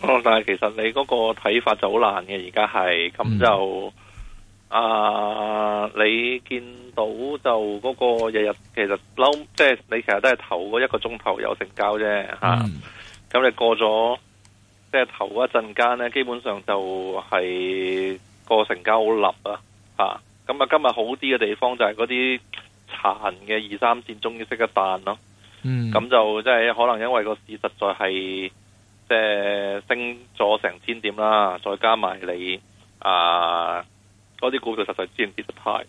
哦、但係其實你嗰個睇法就好難嘅，而家係咁就、嗯、啊，你見到就嗰個日日其實撈，即係你其實都係頭嗰一個鐘頭有成交啫，吓、嗯。咁、啊、你過咗即係頭嗰一陣間呢，基本上就係個成交好立啊，吓。咁啊，今日好啲嘅地方就係嗰啲殘嘅二三線終於識得彈咯，咁、啊嗯、就即係可能因為個市實在係。即係升咗成千點啦，再加埋你啊嗰啲股票，實在之前跌得太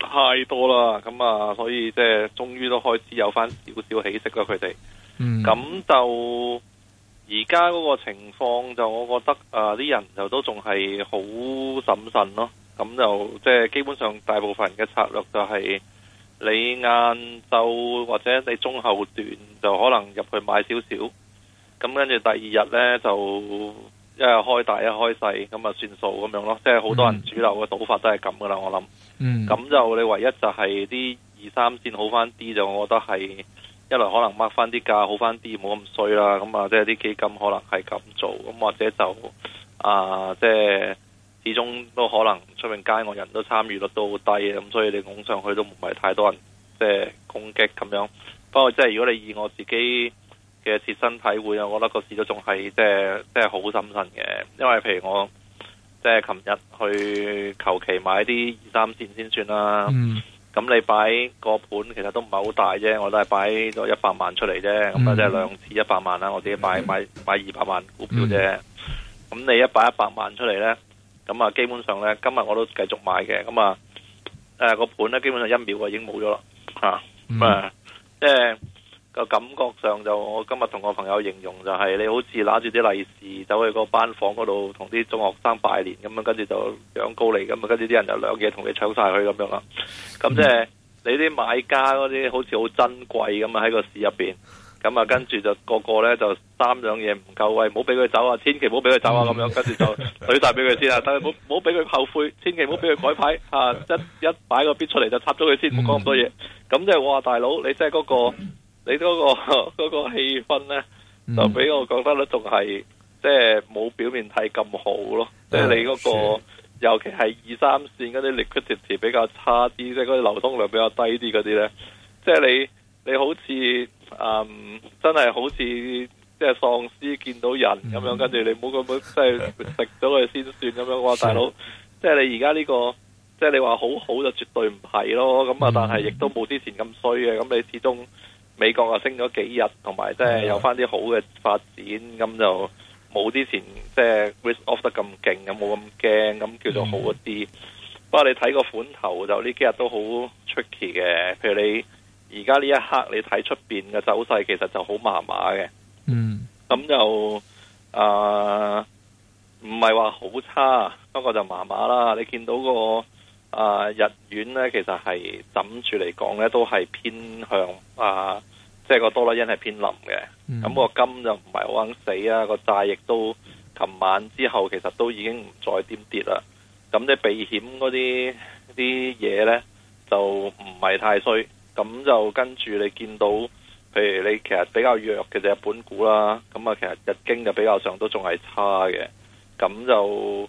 太多啦。咁啊，所以即係終於都開始有翻少、少少起色咯。佢哋，嗯，咁就而家嗰個情況就，我覺得啊啲人就都仲係好審慎咯。咁就即係基本上大部分嘅策略就係、是、你晏晝或者你中後段就可能入去買少少。咁跟住第二日呢，就一開大一開細，咁啊算數咁樣咯，即係好多人主流嘅賭法都係咁噶啦，我諗。嗯。咁就你唯一就係啲二三綫好翻啲就，我覺得係一來可能擘翻啲價好翻啲，冇咁衰啦。咁、嗯、啊，即係啲基金可能係咁做，咁、嗯、或者就啊、呃，即係始終都可能出面街外人都參與率都好低，咁、嗯、所以你拱上去都唔係太多人即係攻擊咁樣。不過即係如果你以我自己。嘅切身體會，我覺得個市都仲係即係即係好深沉嘅。因為譬如我即係琴日去求其買啲二三線先算啦。咁、嗯、你擺個盤其實都唔係好大啫，我都係擺咗一百萬出嚟啫。咁啊、嗯，即係兩次一百萬啦、啊，我自己擺、嗯、買買買二百萬股票啫。咁、嗯、你一擺一百萬出嚟咧，咁啊基本上咧，今日我都繼續買嘅。咁啊，誒、呃，那個盤咧基本上一秒啊已經冇咗啦，嚇咁啊即係。嗯嗯呃個感覺上就我今日同我朋友形容就係，你好似拿住啲利是走去個班房嗰度同啲中學生拜年咁啊，跟住就養高嚟咁啊，跟住啲人就兩嘢同你搶晒佢咁樣啦。咁即係你啲買家嗰啲好似好珍貴咁啊，喺個市入邊咁啊，跟住就個個咧就三兩嘢唔夠位，唔好俾佢走啊，千祈唔好俾佢走啊咁樣，跟住就攣晒俾佢先啊，但係冇唔好俾佢後悔，千祈唔好俾佢改牌嚇、啊，一一擺個必出嚟就插咗佢先，唔好講咁多嘢。咁即係我話大佬，你即係嗰個。你嗰、嗰個嗰、嗰個氣氛呢，嗯、就俾我覺得咧，仲係即係冇表面睇咁好咯。即係你嗰、嗰個， 尤其係二三線嗰啲 liquidity 比較差啲，即係嗰啲流通量比較低啲嗰啲呢。即係你你好似嗯真係好似即係喪屍見到人咁樣，跟住、嗯、你唔好咁樣即係食咗佢先算咁樣。哇，大佬、嗯，說 即係你而家呢個，即係你話好好就絕對唔係咯。咁啊，但係亦都冇之前咁衰嘅。咁你始終。美國又升咗幾日，同埋即係有翻啲好嘅發展，咁、mm hmm. 就冇之前即係、就是、risk off 得咁勁，咁冇咁驚，咁叫做好一啲。不、mm hmm. 過你睇個款頭就呢幾日都好 tricky 嘅，譬如你而家呢一刻你睇出邊嘅走勢，其實就好麻麻嘅。嗯、mm，咁、hmm. 就啊，唔係話好差，不過就麻麻啦。你見到個。啊，日元咧，其實係抌住嚟講咧，都係偏向啊，即係個多啦因係偏林嘅。咁、嗯、個金就唔係好肯死啊，個債亦都，琴晚之後其實都已經唔再點跌啦。咁即避險嗰啲啲嘢咧，就唔係太衰。咁就跟住你見到，譬如你其實比較弱嘅就係日本股啦。咁啊，其實日經就比較上都仲係差嘅。咁就。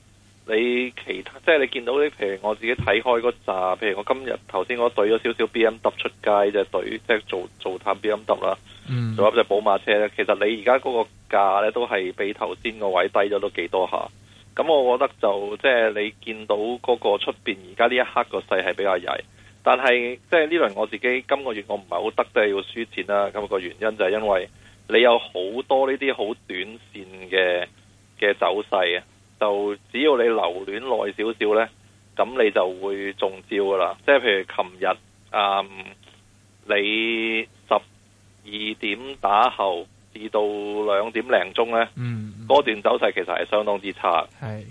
你其他即係你見到啲，譬如我自己睇開嗰扎，譬如我今日頭先我懟咗少少 BMW 出街啫，懟即係做做探 BMW 啦，嗯，做一隻寶馬車咧。其實你而家嗰個價咧都係比頭先個位低咗都幾多下。咁我覺得就即係你見到嗰個出邊而家呢一刻個勢係比較曳，但係即係呢輪我自己今個月我唔係好得即係要輸錢啦。咁個原因就係因為你有好多呢啲好短線嘅嘅走勢啊。就只要你留戀耐少少咧，咁你就會中招噶啦。即係譬如琴日，嗯，你十二點打後至到兩點零鐘咧，嗯，嗯，嗰段走勢其實係相當之差。係，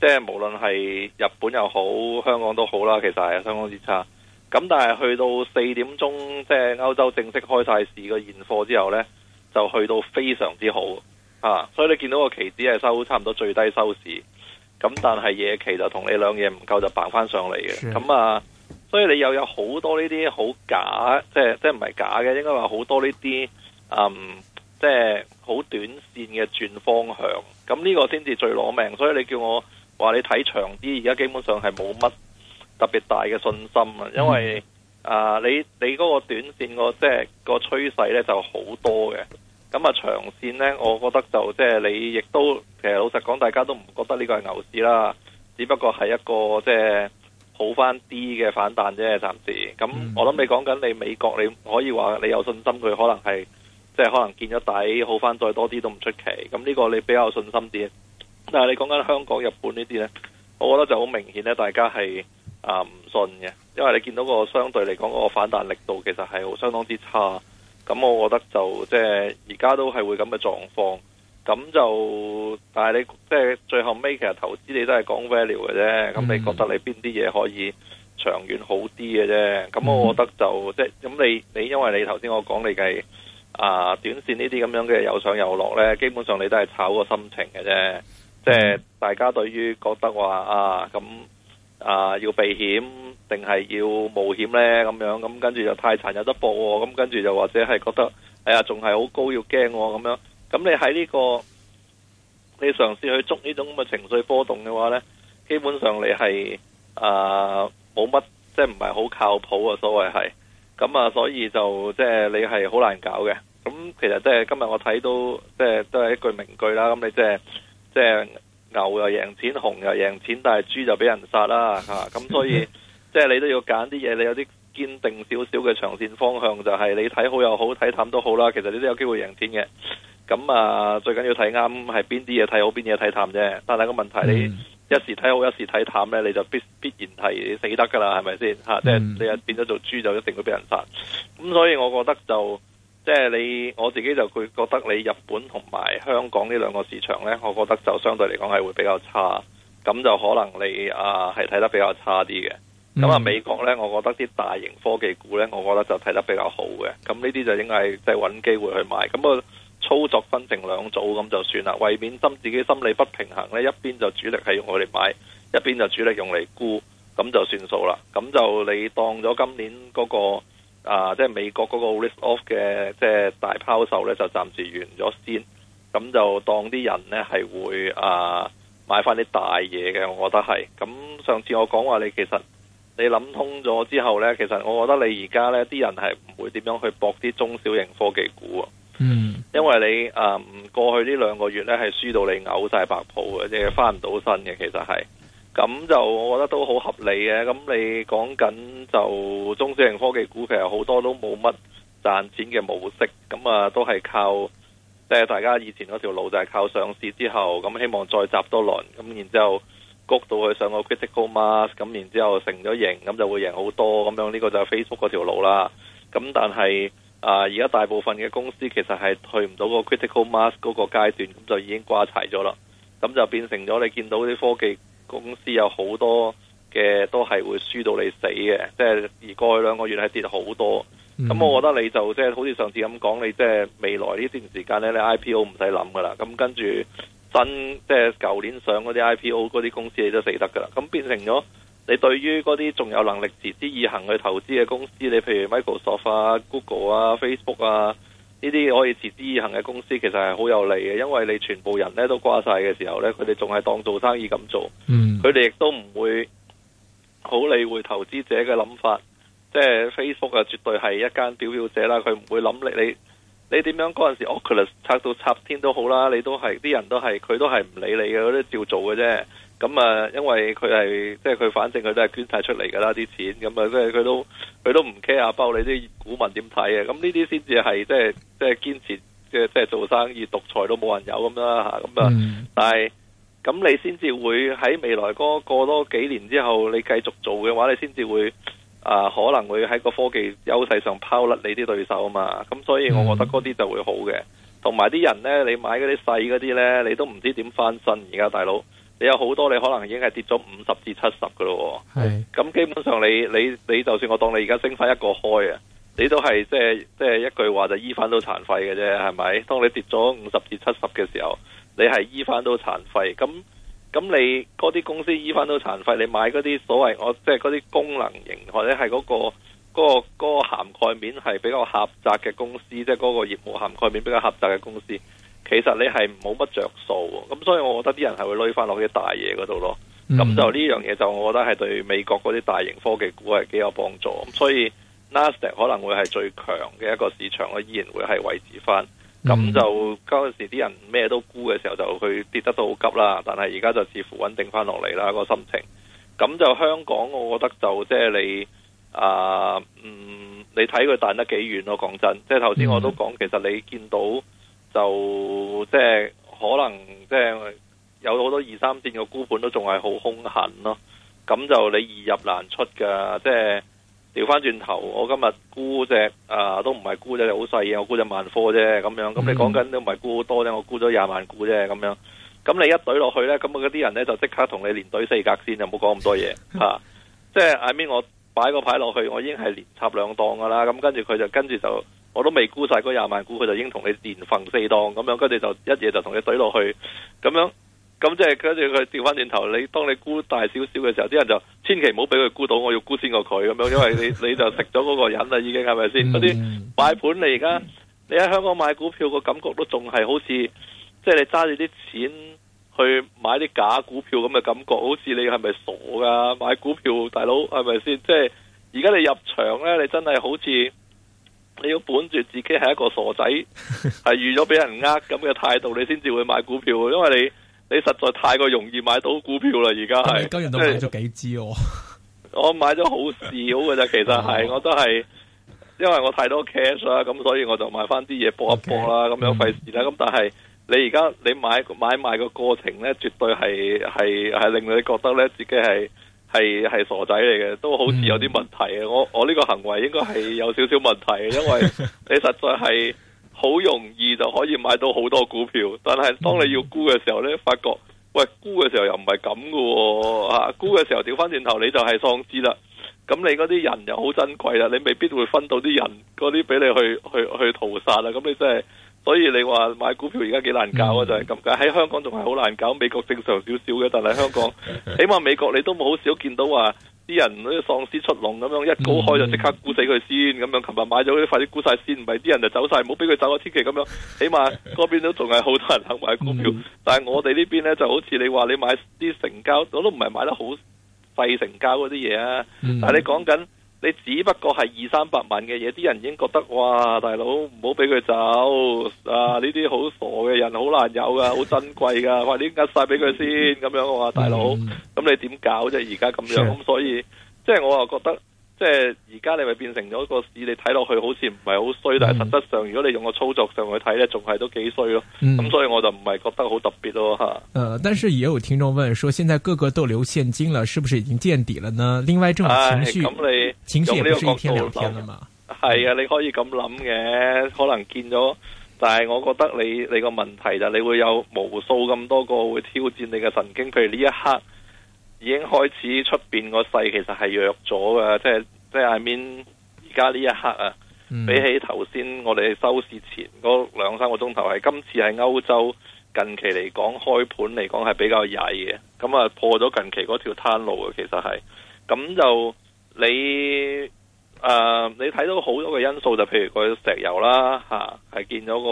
即係無論係日本又好，香港都好啦，其實係相當之差。咁但係去到四點鐘，即係歐洲正式開晒市嘅現貨之後咧，就去到非常之好。啊！所以你見到個期指係收差唔多最低收市，咁但係夜期就同你兩嘢唔夠就掹翻上嚟嘅。咁的啊，所以你又有好多呢啲好假，即係即係唔係假嘅，應該話好多呢啲嗯，即係好短線嘅轉方向。咁呢個先至最攞命。所以你叫我話你睇長啲，而家基本上係冇乜特別大嘅信心啊，因為、嗯、啊，你你嗰個短線即、嗰個即係個趨勢咧就好多嘅。咁啊，長線呢，我覺得就即係你亦都其實老實講，大家都唔覺得呢個係牛市啦。只不過係一個即係好翻啲嘅反彈啫，暫時。咁我諗你講緊你美國，你可以話你有信心佢可能係即係可能見咗底，好翻再多啲都唔出奇。咁呢個你比較有信心啲。但係你講緊香港、日本呢啲呢，我覺得就好明顯呢，大家係啊唔信嘅，因為你見到個相對嚟講個反彈力度其實係好相當之差。咁我覺得就即係而家都係會咁嘅狀況，咁就但係你即係、就是、最後尾其實投資你都係講 value 嘅啫。咁你覺得你邊啲嘢可以長遠好啲嘅啫？咁我覺得就即係咁你你因為你頭先我講你嘅啊短線呢啲咁樣嘅又上又落呢，基本上你都係炒個心情嘅啫，即係、嗯、大家對於覺得話啊咁。啊、呃！要避險定係要冒險呢？咁樣咁跟住就太殘、哦，有得搏喎。咁跟住又或者係覺得哎呀，仲係好高要驚喎、哦。咁樣咁你喺呢、呢個你嘗試去捉呢種咁嘅情緒波動嘅話呢，基本上你係啊冇乜即係唔係好靠譜啊？所謂係咁啊，所以就即係你係好難搞嘅。咁其實即係今日我睇到即係都係一句名句啦。咁你、即係、即係即係。牛又贏錢，熊又贏錢，但係豬就俾人殺啦嚇。咁、啊嗯 啊、所以即係你都要揀啲嘢，你有啲堅定少少嘅長線方向就係、是、你睇好又好，睇淡都好啦。其實你都有機會贏錢嘅。咁啊，最緊要睇啱係邊啲嘢睇好，邊嘢睇淡啫。但係個問題你，你、嗯、一時睇好，一時睇淡呢，你就必必然係死得㗎啦，係咪先嚇？即係你又變咗做豬，就一定會俾人殺。咁、啊、所以，我覺得就。即係你我自己就會覺得，你日本同埋香港呢兩個市場呢，我覺得就相對嚟講係會比較差，咁就可能你啊，係睇得比較差啲嘅。咁啊、嗯、美國呢，我覺得啲大型科技股呢，我覺得就睇得比較好嘅。咁呢啲就應該係即係揾機會去買。咁個操作分成兩組咁就算啦，為免心自己心理不平衡呢，一邊就主力係用我哋買，一邊就主力用嚟沽，咁就算數啦。咁就你當咗今年嗰個。啊！即係美國嗰個 risk off 嘅即係大拋售咧，就暫時完咗先。咁就當啲人咧係會啊買翻啲大嘢嘅，我覺得係。咁上次我講話，你其實你諗通咗之後咧，其實我覺得你而家咧，啲人係唔會點樣去搏啲中小型科技股啊。嗯。因為你誒、啊，過去呢兩個月咧係輸到你嘔晒白泡嘅，即係翻唔到身嘅。其實係。咁就我覺得都好合理嘅。咁你講緊就中小型科技股其實，好多都冇乜賺錢嘅模式，咁啊都係靠即係、即係、大家以前嗰條路就係靠上市之後咁，希望再集多輪咁，然之後谷到去上個 critical mass，咁然之後成咗型，咁就會贏好多咁樣。呢個就 Facebook 嗰條路啦。咁但係啊，呃、而家大部分嘅公司其實係去唔到個 critical mass 嗰個階段，咁就已經瓜柴咗啦。咁就變成咗你見到啲科技。公司有好多嘅都係會輸到你死嘅，即係而過去兩個月係跌好多。咁、嗯、我覺得你就即係、就是、好似上次咁講，你即、就、係、是、未來呢段時間呢，你 IPO 唔使諗噶啦。咁跟住新即係舊年上嗰啲 IPO 嗰啲公司，你都死得噶啦。咁變成咗你對於嗰啲仲有能力持之以恒去投資嘅公司，你譬如 Microsoft 啊、Google 啊、Facebook 啊。呢啲可以持之以恒嘅公司，其實係好有利嘅，因為你全部人咧都瓜晒嘅時候咧，佢哋仲係當做生意咁做，嗯，佢哋亦都唔會好理會投資者嘅諗法。即係 Facebook 啊，絕對係一間表表者啦，佢唔會諗你你你點樣嗰陣時，Oculus 拆到插天都好啦，你都係啲人都係，佢都係唔理你嘅，佢都照做嘅啫。咁啊、嗯，因為佢係即係佢，反正佢都係捐晒出嚟噶啦啲錢，咁啊即係佢都佢都唔 care 下包括你啲股民點睇啊。咁呢啲先至係即係即係堅持即係即係做生意獨裁都冇人有咁啦吓，咁、嗯、啊，嗯、但係咁你先至會喺未來嗰過多幾年之後，你繼續做嘅話，你先至會啊、呃，可能會喺個科技優勢上拋甩你啲對手啊嘛，咁、嗯、所以我覺得嗰啲就會好嘅，同埋啲人咧，你買嗰啲細嗰啲咧，你都唔知點翻身而家大佬。你有好多你可能已經係跌咗五十至七十嘅咯喎，咁係、嗯、基本上你你你就算我當你而家升翻一個開啊，你都係即係即係一句話就醫翻到殘廢嘅啫，係咪？當你跌咗五十至七十嘅時候，你係醫翻到殘廢，咁咁你嗰啲公司醫翻到殘廢，你買嗰啲所謂我即係嗰啲功能型或者係嗰個嗰個嗰個嗰個涵蓋面係比較狹窄嘅公司，即係嗰個業務涵蓋面比較狹窄嘅公司。其實你係冇乜着數，咁所以我覺得啲人係會攞翻落啲大嘢嗰度咯。咁、嗯、就呢樣嘢就我覺得係對美國嗰啲大型科技股係幾有幫助。咁所以 Nasdaq 可能會係最強嘅一個市場，依然會係維持翻。咁、嗯、就嗰陣時啲人咩都沽嘅時候，就佢跌得都好急啦。但係而家就似乎穩定翻落嚟啦，那個心情。咁就香港，我覺得就即係你啊，嗯，你睇佢彈得幾遠咯、啊。講真，即係頭先我都講，嗯、其實你見到。就即係可能即係有好多二三線嘅沽盤都仲係好凶狠咯，咁、啊、就你易入難出噶，即係調翻轉頭。我今日沽隻啊都唔係沽隻好細嘅，我沽隻萬科啫咁樣。咁你講緊都唔係沽多啫，我沽咗廿萬股啫咁樣。咁你一懟落去呢，咁嗰啲人呢，就即刻同你連懟四格先，就唔好講咁多嘢吓、 啊。即係 I mean 我擺個牌落去，我已經係連插兩檔噶啦。咁跟住佢就跟住就。我都未沽晒嗰廿萬股，佢就已經同你連縫四檔咁樣，跟住就一嘢就同你懟落去，咁樣咁即係跟住佢調翻轉頭。你當你沽大少少嘅時候，啲人就千祈唔好俾佢沽到，我要沽先過佢咁樣，因為你你就食咗嗰個人啦，已經係咪先？嗰啲買盤嚟，而家你喺香港買股票個感覺都仲係好似，即係你揸住啲錢去買啲假股票咁嘅感覺，好似你係咪傻噶？買股票大佬係咪先？即係而家你入場呢，你真係好似。你要本住自己係一個傻仔，係預咗俾人呃咁嘅態度，你先至會買股票。因為你你實在太過容易買到股票啦，而家係今日都買咗幾支，哦、我，買咗好少嘅啫。其實係， 我都係因為我太多 cash 啦，咁所以我就買翻啲嘢搏一搏啦，咁 Okay. 樣費事啦。咁但係你而家你買買賣個過程咧，絕對係係係令你覺得咧自己係。係係傻仔嚟嘅，都好似有啲問題嘅、嗯。我我呢個行為應該係有少少問題，因為你實在係好容易就可以買到好多股票，但係當你要沽嘅時候呢，發覺喂，沽嘅時候又唔係咁嘅，吓、啊、沽嘅時候掉翻轉頭你就係喪屍啦。咁你嗰啲人又好珍貴啊，你未必會分到啲人嗰啲俾你去去去屠殺啦。咁你真係。所以你話買股票而家幾難搞啊，就係咁解。喺香港仲係好難搞，美國正常少少嘅，但係香港起碼美國你都冇好少見到話啲人嗰啲喪屍出籠咁樣，一高開就即刻沽死佢先咁樣。琴日買咗啲，快啲沽晒先，唔係啲人就走晒，唔好俾佢走啊！千祈咁樣，起碼嗰邊都仲係好多人肯買股票， 但係我哋呢邊咧就好似你話你買啲成交，我都唔係買得好細成交嗰啲嘢啊， 但係你講緊。你只不過係二三百萬嘅嘢，啲人已經覺得哇，大佬唔好俾佢走啊！呢啲好傻嘅人，好難有噶，好珍貴噶，快你呃晒俾佢先咁、嗯、樣。我話大佬，咁、嗯、你點搞啫？而家咁樣咁的、嗯，所以即係我又覺得。即係而家你咪變成咗個市，你睇落去好似唔係好衰，但係實質上如果你用個操作上去睇咧，仲係都幾衰咯。咁、嗯、所以我就唔係覺得好特別咯吓。誒、啊，但是也有聽眾問說，現在個個都留現金了，是不是已經見底了呢？另外，仲有、哎、情緒情緒也不是一天兩天啊嘛。係啊，你可以咁諗嘅，可能見咗，但係我覺得你你個問題就你會有無數咁多個會挑戰你嘅神經，譬如呢一刻。已經開始出面個勢其實係弱咗嘅，即係即係 I mean 而家呢一刻啊，嗯、比起頭先我哋收市前嗰兩三個鐘頭，係今次係歐洲近期嚟講開盤嚟講係比較曳嘅，咁啊破咗近期嗰條攤路啊，其實係咁就你誒，你睇、呃、到好多嘅因素，就譬如佢石油啦吓，係、啊、見咗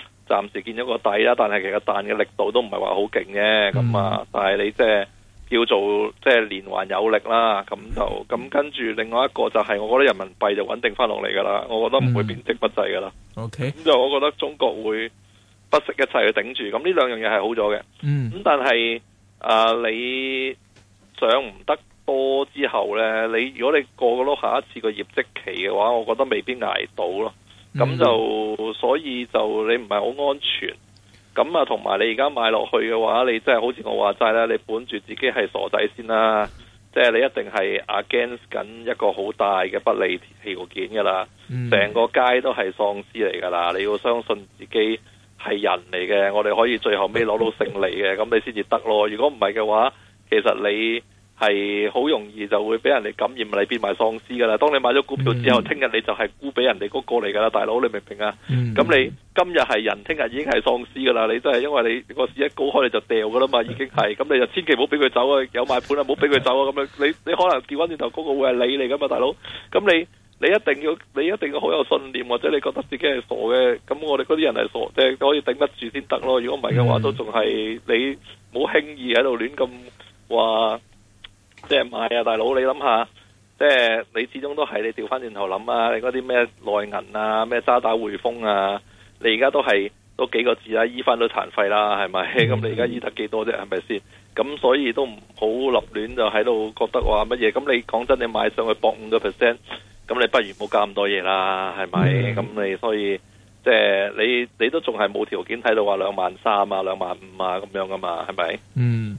個暫時見咗個底啦，但係其實彈嘅力度都唔係話好勁嘅，咁、嗯、啊，但係你即係。叫做即係連環有力啦，咁就咁跟住，另外一個就係我覺得人民幣就穩定翻落嚟噶啦，我覺得唔會貶值不滯噶啦。O K，咁就我覺得中國會不惜一切去頂住，咁呢兩樣嘢係好咗嘅。嗯，咁但係誒、呃，你想唔得多之後呢，你如果你過到下一次個業績期嘅話，我覺得未必捱到咯。咁就、嗯、所以就你唔係好安全。咁啊，同埋你而家買落去嘅話，你即係好似我話齋啦，你本住自己係傻仔先啦，即、就、係、是、你一定係 against 緊一個好大嘅不利條件噶啦，成、嗯、個街都係喪屍嚟噶啦，你要相信自己係人嚟嘅，我哋可以最後尾攞到勝利嘅，咁你先至得咯。如果唔係嘅話，其實你，係好容易就會俾人哋感染嚟變埋喪屍噶啦！當你買咗股票之後，聽日你就係沽俾人哋嗰個嚟噶啦，大佬你明唔明啊？咁你今日係人，聽日已經係喪屍噶啦！你都係因為你個市一高開你就掉噶啦嘛，已經係咁，你就千祈唔好俾佢走啊！有買盤啊，唔好俾佢走啊！咁樣你你可能調翻轉頭嗰個會係你嚟噶嘛，大佬？咁你你一定要你一定要好有信念，或者你覺得自己係傻嘅，咁我哋嗰啲人係傻，即係可以頂得住先得咯。如果唔係嘅話，都仲係你唔好輕易喺度亂咁話。即係買啊，大佬你諗下，即係你始終都係你調翻轉頭諗啊，你嗰啲咩內銀啊，咩渣打匯豐啊，你而家都係都幾個字啦，醫翻都殘廢啦，係咪？咁、嗯、你而家醫得幾多啫？係咪先？咁所以都唔好立亂就喺度覺得話乜嘢？咁你講真，你買上去搏五個 percent，咁你不如冇加咁多嘢啦，係咪？咁、嗯、你所以即係你你都仲係冇條件睇到話兩萬三啊，兩萬五啊咁樣噶嘛，係咪？嗯。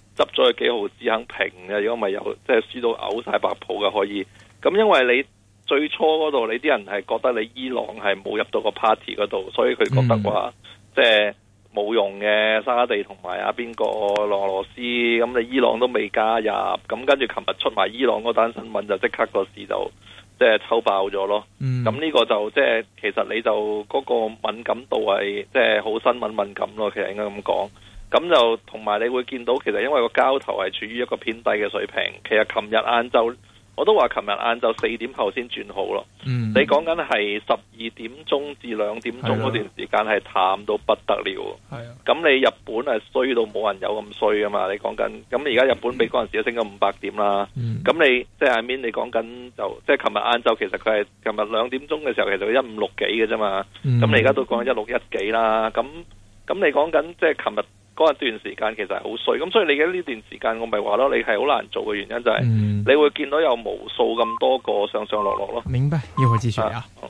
執咗幾毫紙肯平嘅，如果唔係有即係輸到嘔晒白泡嘅可以。咁因為你最初嗰度你啲人係覺得你伊朗係冇入到個 party 嗰度，所以佢覺得嘅話、嗯、即係冇用嘅。沙地同埋阿邊個俄羅斯，咁你伊朗都未加入，咁跟住琴日出埋伊朗嗰單新聞就即刻個市就即係抽爆咗咯。咁呢、嗯、個就即係其實你就嗰個敏感度係即係好新聞敏感咯，其實應該咁講。咁就同埋，嗯嗯、你會見到其實因為個交投係處於一個偏低嘅水平。其實琴日晏晝我都話，琴日晏晝四點後先轉好咯。你講緊係十二點鐘至兩點鐘嗰段時間係淡到不得了。係啊的，咁你日本係衰到冇人有咁衰啊嘛？你講緊咁而家日本比嗰陣時都升咗五百點啦。嗯，咁你即係 I mean, 你講緊就即係琴日晏晝，其實佢係琴日兩點鐘嘅時候其實佢一五六幾嘅啫嘛。嗯，咁你而家都講一六一幾啦。咁咁你講緊即係琴日。嗰一段時間其實係好衰，咁所以你嘅呢段時間我咪話咯，你係好難做嘅原因就係、是，嗯、你會見到有無數咁多個上上落落咯。明白，一會繼續啊。啊